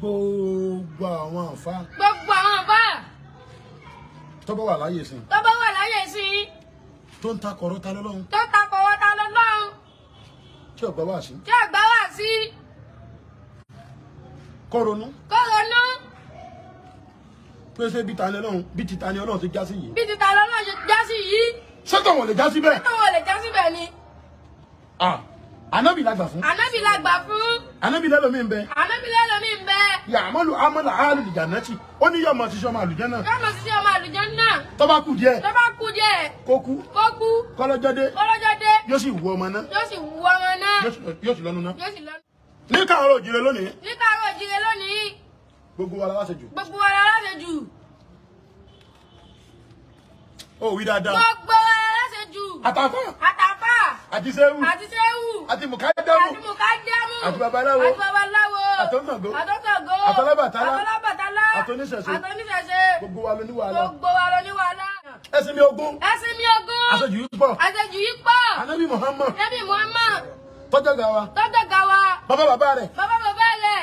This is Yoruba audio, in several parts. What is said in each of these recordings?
gbogbo àwọn àǹfà. gbogbo àwọn àǹfà. tọ́bọ̀ wà láyè sí. tọ́bọ̀ wà láyè sí. tó ń ta kọ̀rọ̀ ta lọ́lọ́run. tó ń ta kọ̀rọ̀ ta lọ́lọ́run. tí ò gbọ́ wá sí. tí ò gbọ́ wá sí. kọ́ronú. kọ́ronú. pèsè bí ta ni ọlọ́run bí ti ta ni ọlọ́run ti já sí yìí. bí ti ta ni ọlọ́run ti já sí yìí. sọ́tọ̀ wọn lè já sí bẹ́ẹ̀. sọ́tọ̀ wọn lè já sí bẹ́ẹ̀ ni. ah ànábì la gbà fún. ànábì la gbà fún anabi lẹ́lọ́mí ń bẹ. anabi lẹ́lọ́mí ń bẹ. yàmọ́lù amọ́là áàlù ìjànàtì ó ní yọmọ ṣiṣẹ́ ọmọ àlùjẹ́ náà. yọmọ ṣiṣẹ́ ọmọ àlùjẹ́ náà. tó bá kù díẹ̀. tó bá kù díẹ̀. kó kú. kó kú. kọ́lọ́jọ́dé. kọ́lọ́jọ́dé. yóò sì wú ọmọ náà. yóò sì wú ọmọ náà. yóò sì lọ́nu náà. yóò sì lọ́nu. ní káàárọ̀ òjìrè lónìí. ní káàárọ̀ òjìrè lónìí. gbogbo wa la wá ṣe gbogbo wa la wá ṣe ó wí dáadáa. gbogbo wa la wá ṣe jù. àtàfà àti sẹ́wù àti sẹ́wù àti mùkádẹ́mù àti mùkádẹ́mù àti babaláwo àti babaláwo àtọ́nàgó àtọ́nàgó àtọ́lábàtálá àtọ́lábàtálá àtọ́níṣẹ̀ṣe àtọ́níṣẹ̀ṣe gbogbo wa ló ní wàhálà gbogbo wa ló ní wàhálà. ẹ̀sìn mi ogún ẹ̀sìn mi ogún àṣejù yìí pọ̀ àṣejù yìí pọ̀ anabi muhammad anabi muhammad tọ́jọ́ gàwa tọ́jọ́ gàwa bàbá bàbá rẹ̀ bàbá bàbá rẹ̀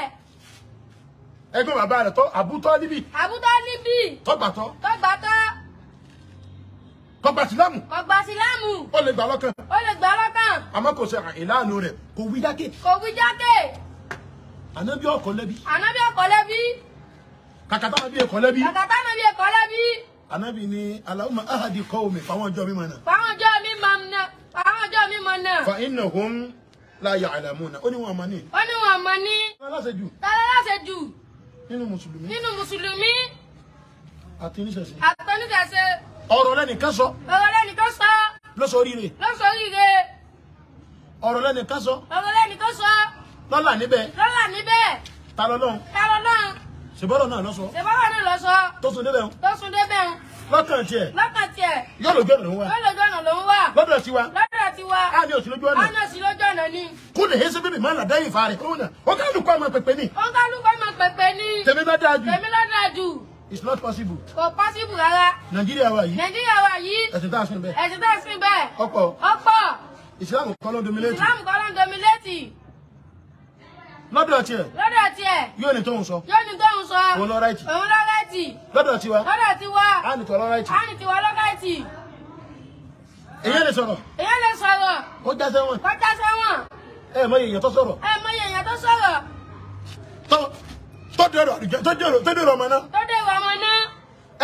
ẹgbẹ́ bàbá rẹ̀ tọ́ àbútọ́ níbí àbútọ́ níbí tọ́gbàtọ́ tọ́gbàtọ́ kọgbà sílámù. kọgbà sílámù. ó lè gbà lọ́kàn. ó lè gbà lọ́kàn. àmọ́ kò ṣe ìlànà rẹ̀ kò wí jákè. kò wí jákè. ànábì ọkọ lẹ́bi. ànábì ọkọ lẹ́bi. kàkàtà nàbí ẹkọ lẹ́bi. kàkàtà nàbí ẹkọ lẹ́bi. ànábì ni aláwùmọ̀ ahadi kọ́ omi fáwọn ọjọ́ mi mọ̀ náà. fáwọn ọjọ́ mi mọ̀ náà. fa innahum la ya'lamuna ó ní wọn mọ̀ ní. ó ní wọn mọ̀ ní. tọ́lá láṣẹ jù. tọ́lá láṣẹ jù. nínú mùsùlùmí. nínú mùsùlùmí. àti oníṣẹ̀ṣe ọ̀rọ̀ lẹ́nìkan sọ. ọ̀rọ̀ lẹ́nìkan sọ. lọ́sọ̀ríire. lọ́sọ̀ríire. ọ̀rọ̀ lẹ́nìkan sọ. ọ̀rọ̀ lẹ́nìkan sọ. lọ́là níbẹ̀. lọ́là níbẹ̀. ta lọ́lọ́run. ta lọ́lọ́run. ṣèbọ́rọ̀ náà lọ sọ. ṣèbọ́rọ̀ náà lọ sọ. tó sun débẹ̀ ń. tó sun débẹ̀ ń. lọ́kàn tiẹ̀. lọ́kàn tiẹ̀. lọ́lọ́jọ́ lòún wà. lọ́lọ́jọ́ lòún wà. lọ́dọ̀ tiwa. lọ́dọ̀ tiwa. a ní òsì lójú ọ̀nà. a ní òsì ni. kúndé hẹ́sẹ́ bíbí máa ń là dẹ́yìn fa rẹ̀ kúrò náà. ó kálukú ọmọ pẹpẹ ni. ó kálukú ọmọ pẹpẹ ni. tèmi ló dáa jù. tèmi ló It's not possible. Kò possible rárá. Nàìjíríà Nigeria. yìí. Nàìjíríà wa yìí. Ẹ̀sìn tá a sin bẹ́ẹ̀. Ẹ̀sìn tá a sin bẹ́ẹ̀. Ọ̀pọ̀. Ọ̀pọ̀. Ìsìlámù kọ́ ló ń dominate. Ìsìlámù kọ́ ló ń dominate. the tiẹ̀. Lọ́dọ̀ tiẹ̀. Yóò ní tóun sọ. Yóò ní tóun sọ. Òun lọ ráìtì. Òun lọ ráìtì. Lọ́dọ̀ tiwa. Lọ́dọ̀ tiwa. the ní tiwa lọ ráìtì. Á ní tiwa lọ ráìtì. Èyí lè sọ̀rọ̀. Èyí lè sọ̀rọ̀. Ó já sẹ́wọ̀n. Ó já sẹ́wọ̀n. Ẹ mọ èèyàn tó sọ̀rọ̀. Ẹ mọ èèyàn tó sọ̀rọ̀. Tó tó dèrò àdìjẹ́ tó dèrò tó dèrò ọmọ náà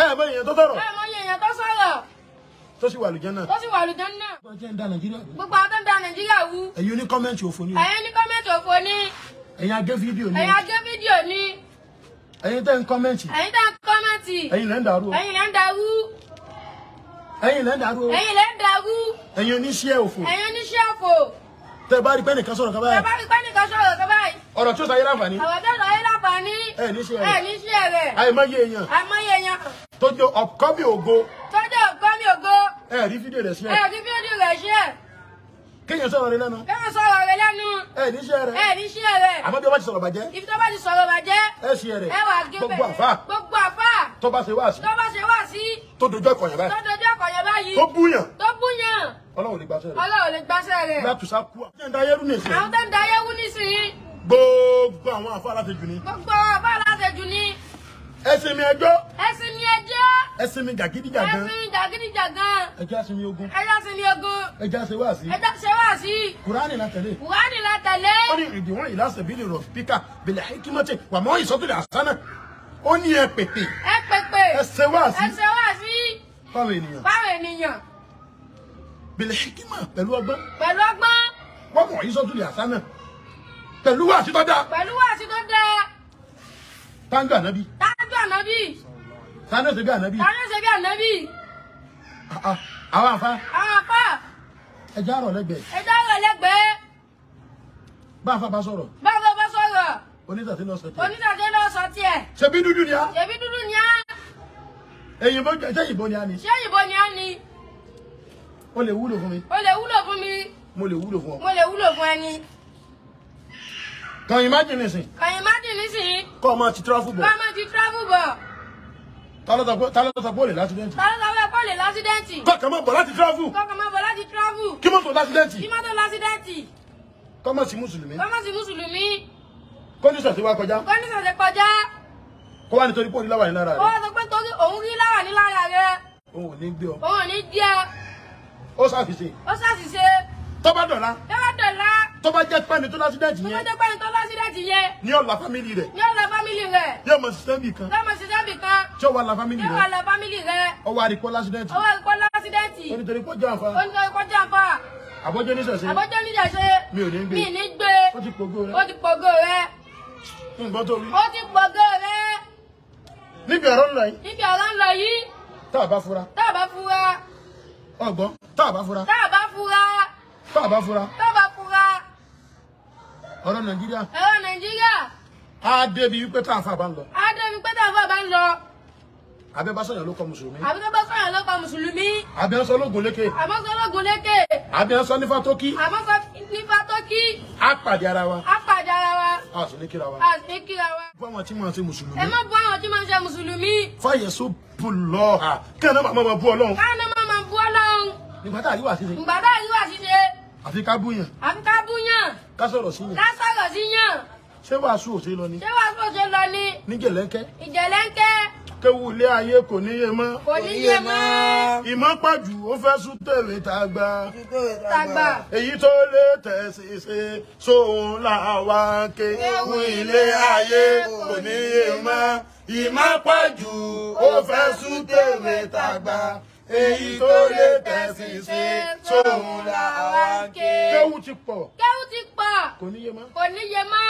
ẹ mọ èèyàn tó sọ̀rọ̀. ẹ mọ èèyàn tó sọ̀rọ̀. tó sì wà lùjẹ́ náà. tó sì wà lùjẹ́ náà. gbogbo ọjọ́ ń da nàìjíríà wú. gbogbo ọjọ́ ń da nàìjíríà wú. ẹ̀yin oní kọ́mẹ́ǹtì òfò ni. ẹ̀yin oní kọ́mẹ́ǹtì òfò ni. ẹ̀yin agé fídíò ni. ẹ̀yin agé fídíò ni. ẹ̀yin tẹ́ ń kọ́mẹ́ǹtì. ẹ̀yin tẹ́ ń kọ́mẹ́ǹtì. ẹ̀yin lẹ́ ọ̀rọ̀ tí ó sọ láǹfààní. ọ̀rọ̀ tí ó sọ ayé ẹ ní ṣe rẹ̀. àìmọye èèyàn. àìmọye èèyàn tó jẹ́ upcoming ògo. tó jẹ́ upcoming ògo. ẹ rí fídíò rẹ̀ ṣe. ẹ rí fídíò rẹ̀ ṣe. kéèyàn sọ̀rọ̀ rẹ lẹ́nu. kéèyàn sọ̀rọ̀ rẹ lẹ́nu. ẹ ní iṣẹ́ rẹ. ẹ ní iṣẹ́ rẹ. àmọ́ bí wọ́n bá ti sọ̀rọ̀ bàjẹ́. ibi tó bá ti sọ̀rọ̀ bàjẹ́. ẹ ṣe rẹ. ẹ wà gé bẹ̀rẹ̀ gbogbo àfà. gbogbo àfà. tó bá ṣe wá sí. tó bá ṣe wá sí. tó dojú ẹ̀kọ́ yẹn báyìí. tó dojú ẹ̀kọ́ yẹn báyìí. tó búyàn. tó búyàn. ọlọ́run lè gbàṣẹ́ rẹ. ọlọ́run lè gbàṣẹ́ rẹ. látùsá kú. àwọn tó ń dayẹ́rú nìsín. àwọn tó ń dayẹ́rú nìsín gbogbo mi ẹjọ́ ẹ sinmi jàgídíjàgan. ẹ sinmi jàgídíjàgan. ẹ já sinmi ogun. ẹ já sinmi ogun. ẹ já ṣe wáàsí. ẹ já ṣe wáàsí. kùránì la tẹ̀lé. kùránì la tẹ̀lé. ó ní ìdíwọ̀n ìlàsẹ̀ bíi rọ̀ píkà bẹ̀lẹ̀ hikimọ́tì wà mọ́ ìsọ́tòlẹ̀ àsánà ó ní ẹ pèpè. ẹ pèpè. ẹ ṣe wáàsí. ẹ ṣe wáàsí. fáwọn ènìyàn. fáwọn ènìyàn. bẹ̀lẹ̀ hikimọ̀ pẹ̀lú ọgbọ́n. pẹ̀lú ọgbọ́n. wọ́n mọ̀ ìsọ́tòlẹ̀ àsánà pẹ̀lú wáàsí tó dáa. pẹ̀lú wáàsí tó dáa. táńgà nábì. táńgà nábì. Tani ó ṣe bí ànábì? Tani ó ṣe bí ànábì? Àwọn àfa. Àwọn àfa. Ẹja rọ̀ lẹ́gbẹ̀ẹ́. Ẹja rọ̀ lẹ́gbẹ̀ẹ́. Bá àfa bá sọ̀rọ̀. Bá àfa bá sọ̀rọ̀. Onítàtí náà sọ tiẹ̀. Onítàtí náà sọ tiẹ̀. Ṣebí dúdú ni á? Ṣebí dúdú ni á? Èyìnbó ṣé ìbò ni á ni? Ṣé O lè wúlò fún mi. O lè wúlò fún mi. Mo lè wúlò fún ọ. Mo lè wúlò fún ẹni. Can you imagine nísìn? Can you imagine nísìn? Kọ́ ọ máa ti travel bọ̀. Kọ́ ọ tálọ́tàpọ̀ lè lásídẹ́ǹtì. tálọ́tàpọ̀ lè lásídẹ́ǹtì. kọ́kàn máa bọ̀ láti travel. kọ́kàn máa bọ̀ láti travel. kí mọ́tò lásídẹ́ǹtì. kí mọ́tò lásídẹ́ǹtì. kọ́mọ̀ sí mùsùlùmí. kọ́mọ̀ sí mùsùlùmí. kọ́ndíṣọ̀ ti wá kọjá. kọ́ndíṣọ̀ ti kọjá. kó wá nítorí pé òun láwà ní lára rẹ. ó sọ pé torí òun rí láwà ní lára rẹ. òun ò ní gbé Oh, òun ò ní gbé ọ. ó ṣàfìṣe. ó ṣàfìṣe tó bá dọ̀la. tó bá dọ̀la. tó bá jẹ́ pẹ́ni tó lásídẹ̀ntì yẹn. tó bá jẹ́ pẹ́ni tó lásídẹ̀ntì yẹn. ní yóò la family rẹ̀. ní yóò la fámìlì rẹ̀. yóò mọ sísẹ́ bì kan. yóò mọ sísẹ́ bì kan. tí yóò wà la family fámìlì rẹ̀. yóò wà la fámìlì rẹ̀. ọwọ́ àdìpọ̀ lásídẹ̀ntì. ọwọ́ àdìpọ̀ lásídẹ̀ntì. onítorí kó jàǹfà. onítorí kó jàǹfà àbọ́jọ́ níṣẹ̀ṣe àbọ́jọ́ níṣẹ̀ṣe mi ò ní gbé mi ní gbé ó ti pògó rẹ ó ti pògó rẹ nǹkan tó rí ó ti pògó rẹ. níbi ọ̀rọ̀ ń yìí níbi ọ̀rọ̀ ń yìí tá a bá fura tá a bá fura ọgbọ́n tá a bá fura tá a bá fura tó bá fura. tó bá fura. ọ̀rọ̀ nàìjíríà. ọ̀rọ̀ nàìjíríà. a débi wípé tá a fà bá ń lọ. a débi wípé tá a fà bá ń lọ. Abẹ́básọ̀yàn ló kọ Mùsùlùmí. Abẹ́básọ̀yàn ló kọ Mùsùlùmí. Abẹ́sọ lógun lékè. Abẹ́sọ lógun lékè. Abẹ́sọ nífa tó kí. Abẹ́sọ nífa tó kí. A pàdé ara wa. A pàdé ara wa. A sì ní kíra wa. A sì ní kíra wa. Bọ́ àwọn tí máa ń ṣe Mùsùlùmí. Ẹ má bọ́ àwọn tí máa ń ṣe Mùsùlùmí. Fáyẹ̀só bù lọ́ọ̀hà. Kí ẹ̀ náà máa bú Ọlọ́run. Ká àfi ká búyàn. àfi ká búyàn. ká sọ̀rọ̀ sí yàn. ká sọ̀rọ̀ sí yàn. ṣé wàásù òṣè lọ ni. ṣé wàásù òṣè lọ ni. ní jẹ̀lẹ́ńkẹ́. ìjẹ̀lẹ́ńkẹ́. kéwu ilé ayé kò níye mọ́. kò níye mọ́. ìmọ̀ pàjù ó fẹ́ sún tèrè tàgbà. tàgbà. èyí tó lè tẹ̀sí ṣe sóun là kéwu ilé ayé kò níye mọ́. ìmọ̀ pàjù ó fẹ́ sún tèrè tàgbà èyí tó lè tẹ̀sìn ṣe tóun là wá ké. kéwù ti pọ̀. kéwù ti pọ̀. kò níye mọ́. kò níye mọ́.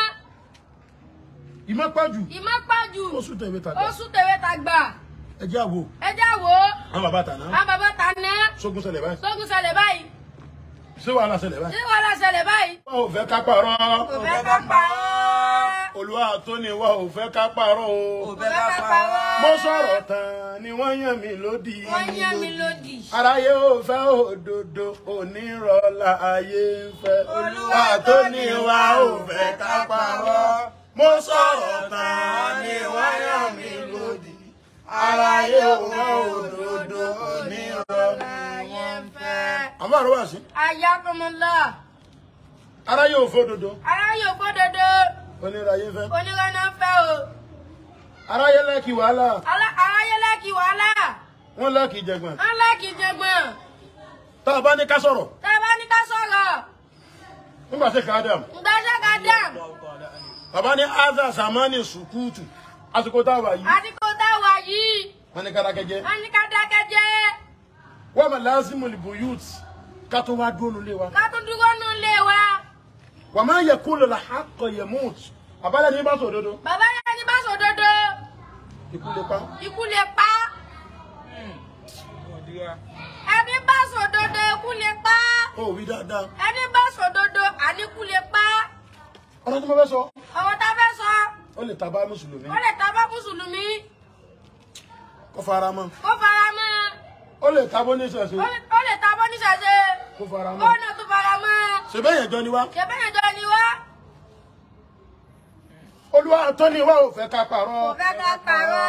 ìmọ̀pájù. ìmọ̀pájù. oṣù tèwe tàgbà. oṣù tèwe tàgbà. ẹ jẹ́ àwo. ẹ jẹ́ àwo. àwọn bàbá tàná. àwọn bàbá tàná. sógun ṣẹlẹ̀ báyìí. sógun ṣẹlẹ̀ báyìí. ṣé wàhálà ṣẹlẹ̀ báyìí. ṣé wàhálà ṣẹlẹ̀ báyìí. wọn ò fẹ́ ká parọ́. kò fẹ́ ká parọ́ olúwa tó ní wa ò fẹ́ ká parọ́ o. mo sọ̀rọ̀ tán ni wọ́n yàn mí lódì. wọ́n yàn mí lódì. aráyé ò fẹ́ òdodo onírọ̀lá ayé ń fẹ́. olúwa tó ní wa ò fẹ́ ká parọ́. mo sọ̀rọ̀ tán ni wọ́n yàn mí lódì. aráyé ò fẹ́ òdodo onírọ̀lá ayé ń fẹ́. àbúrò àrùwà sí. ayé akọmọlá. aráyé ò fẹ́ òdodo. aráyé ò fẹ́ òdodo oníráyé fẹ́. onírọ́ náà fẹ́ o. aráyé lẹ́kì wàhálà. aráyé lẹ́kì wàhálà. wọ́n lẹ́kì jẹ̀gbọ́n. wọ́n lẹ́kì jẹ̀gbọ́n. tá a bá ní ká sọ̀rọ̀. tá a bá ní ká sọ̀rọ̀. nígbà tí ká dàm. nígbà tí ká dàm. bàbá ní aza samani sukutu àsìkò tá a wà yìí. àsìkò tá a wà yìí. wọ́n ní ká dákẹ́ jẹ́. wọ́n ní ká dákẹ́ wọ́n mọ̀ lásìmọ̀lì bùyùt ká tó wá dúró nulẹ̀ wa. ká tó dúró nulẹ̀ wa wà máa yẹ kúlò là á kọ yẹ mood bàbá lẹni bá sọ òdodo. bàbá bá sọ ikú lè pa. ikú lè pa. Hmm. ẹni bá sọ òdodo ikú lè pa. ó wí dáadáa. ẹni bá sọ àníkú lè pa. ọ̀rọ̀ tí mo fẹ́ sọ. ọ̀rọ̀ tá a fẹ́ sọ. ó lè ta bá mùsùlùmí. ó lè ta bá mùsùlùmí. kó fara mọ́. kó fara mọ́. ó lè ta ní ìṣẹ̀ṣe. ó lè ta ní ìṣẹ̀ṣe. kó fara mọ́. ó nà tó fara mọ́. ṣèbẹ́yẹn jọ ni wá. ṣèbẹ́yẹn olúwa tó ní wa ò fẹ́ ká parọ́. kò fẹ́ ká parọ́.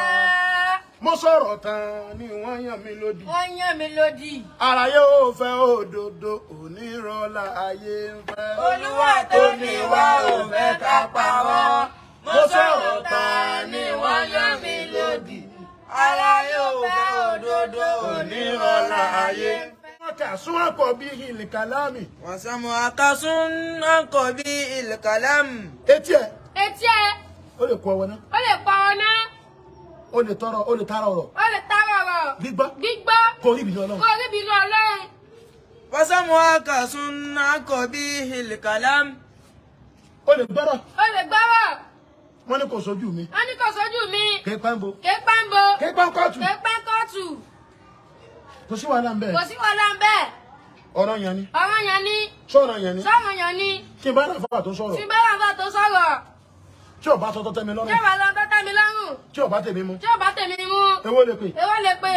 mo sọ̀rọ̀ tán ni wọ́n yàn mí lódì. wọ́n yàn mí lódì. àlàyé ò fẹ́ òdodo onírọ̀lá ayé ń fẹ́. olúwa tó ní wa ò fẹ́ ká parọ́. mo sọ̀rọ̀ tán ni wọ́n yàn mí lódì. àlàyé ò fẹ́ òdodo onírọ̀lá ayé ń fẹ́ akasun akọ bí akasun akọ bí ilkalami. etí ẹ̀ ó lè kó ọwọ́ náà. ó lè pa ọ náà. ó lè tọrọ ó lè tara ọ̀rọ̀. ó lè tara ọ̀rọ̀. gbígbọ́. gbígbọ́. kò rí ìbínú Ọlọ́run. kò rí ìbínú Ọlọ́run. wasamu akasun nako bi hilkalam. ó lè gbọ́rọ̀. ó lè gbọ́rọ̀. wọ́n ní kò sójú mi. wọ́n ní kò sójú mi. kéèpánbo. kéèpánbo. kéèpánkọ́tù. kéèpánkọ́tù. kò sí wàhálà ń bẹ́ẹ̀. kò sí wàhálà ń bẹ́ẹ̀ ọ̀rọ̀ yẹn ni. ọ̀rọ̀ yẹn ni. sọ̀rọ̀ yẹn ni. sọ̀rọ̀ yẹn ni. tí bá ràn fáwà tó sọ̀rọ̀. tí bá ràn fáwà tó tí o bá sọ tọ́tẹ́ mi lọ́rùn. tí o bá sọ tọ́tẹ́ mi lọ́rùn. tí o bá tèmi mu. tí o bá tèmi mu. Ewo lè pè. èwo lè pè.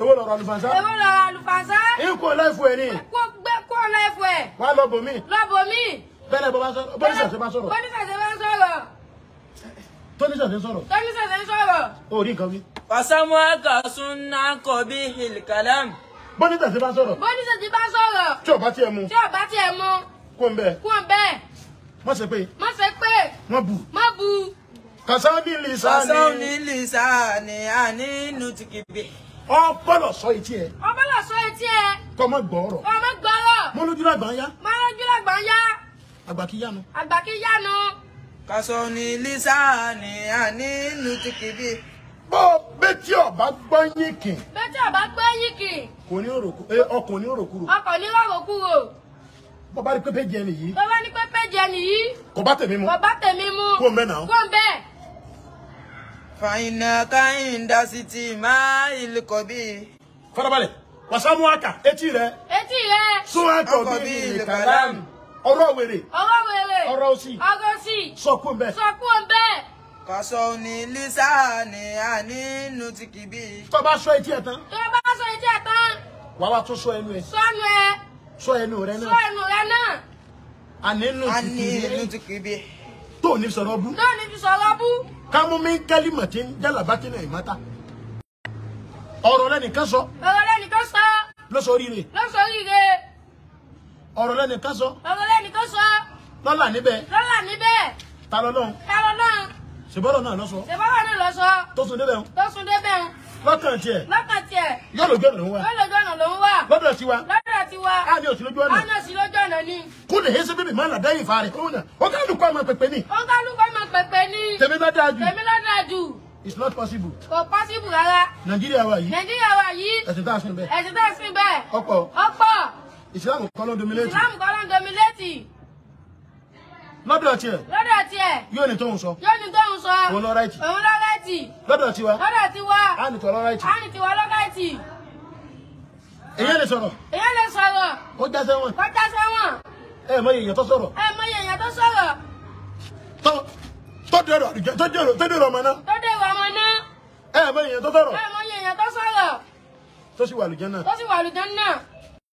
èwo lọ̀rọ̀ àlùfànṣá. èwo lọ̀rọ̀ àlùfànṣá. ikú láìfu ẹ̀ ni. kó gbé kó láìfu ẹ̀. wá lọ bòmí. lọ bòmí. bẹ́ẹ̀ bọ́ bá sọ̀rọ̀ bọ́nísàsẹ́ bá sọ̀rọ̀. bọ́nísàsẹ́ bá sọ̀rọ̀. tónísàsẹ́ sọ̀rọ̀. tónísàsẹ́ sọ̀rọ̀. o rí nǹkan bí. fasamu akasun nako bi hilkalam. bọ́nísàsẹ́ bá sọ̀rọ̀. bọ́nísàsẹ́ bá sọ̀rọ̀. tí o bá tiẹ̀ mu. tí o bá tiẹ̀ mu. kó ń má ṣe pé. má ṣe pé. má bú. má bú. kàṣáni lìṣà ni. kàṣáni lìṣà ni àní inú ti kìbì. ọpọlọ sọ etí ẹ. ọpọlọ sọ etí ẹ. kọmọ gbọrọ. kọmọ gbọrọ. mọlójúlá gbà ń yá. mọlójúlá gbà ń yá. àgbà kí yánu. àgbà kí yánu. kàṣáni lìṣà ni àní inú ti kìbì. bó bẹ́tí ọba gbọ́ yín kì. bẹ́tí ọba gbọ́ yín kì. kò ní òròkúrò. E, ọkọ̀ ní òròkúrò. ọkọ̀ ní òròkúrò kò bá rí pé péjì ẹni yìí. bàbá ní pé péjì ẹni yìí. kò bá tèmi mu. kò bá tèmi mu. kó n bẹ náà. kó n bẹ. fàyínà káyìndà sí ti máa ìlú kọ̀bí. farabalẹ̀ wàsámù àkà etí rẹ. etí rẹ. sún àkọ́bí ìlú kàlámù. ọ̀rọ̀ wèrè. ọ̀rọ̀ wèrè. ọ̀rọ̀ òsì. ọ̀rọ̀ òsì. sọ kó n bẹ. sọ kó n bẹ kọsọ ni lisa ni a nínú ti kìbí. tó bá sọ etí ẹ̀ tán. tó bá sọ etí ẹ̀ tán. wàá wá tún sọ ẹnu ẹ. sọnù ẹ sọ ẹnu rẹ náà. sọ ẹnu rẹ náà. àní inú ti kì í bí. àní inú ti kì í bí. tó ní sọ̀rọ̀ bú. tó ní sọ̀rọ̀ bú. kámú mi ń kẹ́lí mọ̀tí ń jálàbá tí náà ìmọ̀ta. ọ̀rọ̀ rẹ nìkan sọ. ọ̀rọ̀ rẹ nìkan sọ. lọ́sọ̀ríire. lọ́sọ̀ríire. ọ̀rọ̀ ni nìkan sọ. ọ̀rọ̀ rẹ nìkan sọ. lọ́là níbẹ̀. lọ́là níbẹ̀. ta lọ́lọ́run. ta lọ́lọ́run. ṣèbọ́lọ̀ náà lọ sọ. ṣèbọ́lọ̀ náà lọ sọ. tó sun débẹ̀ ń. tó sun débẹ̀ ń. lọ́kàn tiẹ̀. lo tiẹ̀. yọ̀lọ̀gbọ̀nà ló ń wà. yọ̀lọ̀gbọ̀nà ló ń wà. lọ́dọ̀ tiwa. lọ́dọ̀ tiwa. a ní òsì lójú ọ̀nà. a ní òsì lójú ọ̀nà ni. kó lè hẹ́sẹ̀ bíbí máa ń làdá yìí fàárẹ̀ kúrò náà ó kálukú ọmọ pẹpẹ ni. ó kálukú ọmọ pẹpẹ ni. tèmi ló dáa jù. tèmi ló dáa jù. it's not possible. kò possible rárá. nàìjíríà wa yìí. nàìjíríà wa yìí. ẹ̀sìn tá a sin bẹ́ẹ̀. ẹ̀sìn tá a sin bẹ́ẹ̀. ọ̀pọ̀. ọ̀pọ̀. ìsìlámù kọ́ ló dominate. ìsìlámù kọ́ ló dominate lọ́dọ̀ tiẹ̀. lọ́dọ̀ tiẹ̀. yóò ní tóun sọ. yóò ní tóun sọ. òun lọ ráìtì. òun lọ ráìtì. lọ́dọ̀ tiwa. lọ́dọ̀ tiwa. á nìtọ́ lọ ráìtì. á nìtọ́ lọ ráìtì èyàn lè sọ̀rọ̀. èyàn lè sọ̀rọ̀. ó já sẹ́wọ̀n. ó já sẹ́wọ̀n. ẹ mọ èèyàn tó sọ̀rọ̀. ẹ mọ èèyàn tó sọ̀rọ̀. tó tó dèrò àdìjọ tó dèrò tó dèrò ọmọ náà. tó dèrò ọmọ náà. ẹ mọ èèyàn tó sọ̀rọ̀. ẹ mọ èèyàn tó sọ̀rọ̀. tó sì wà lùjẹ́ náà. tó sì wà lùjẹ́ náà.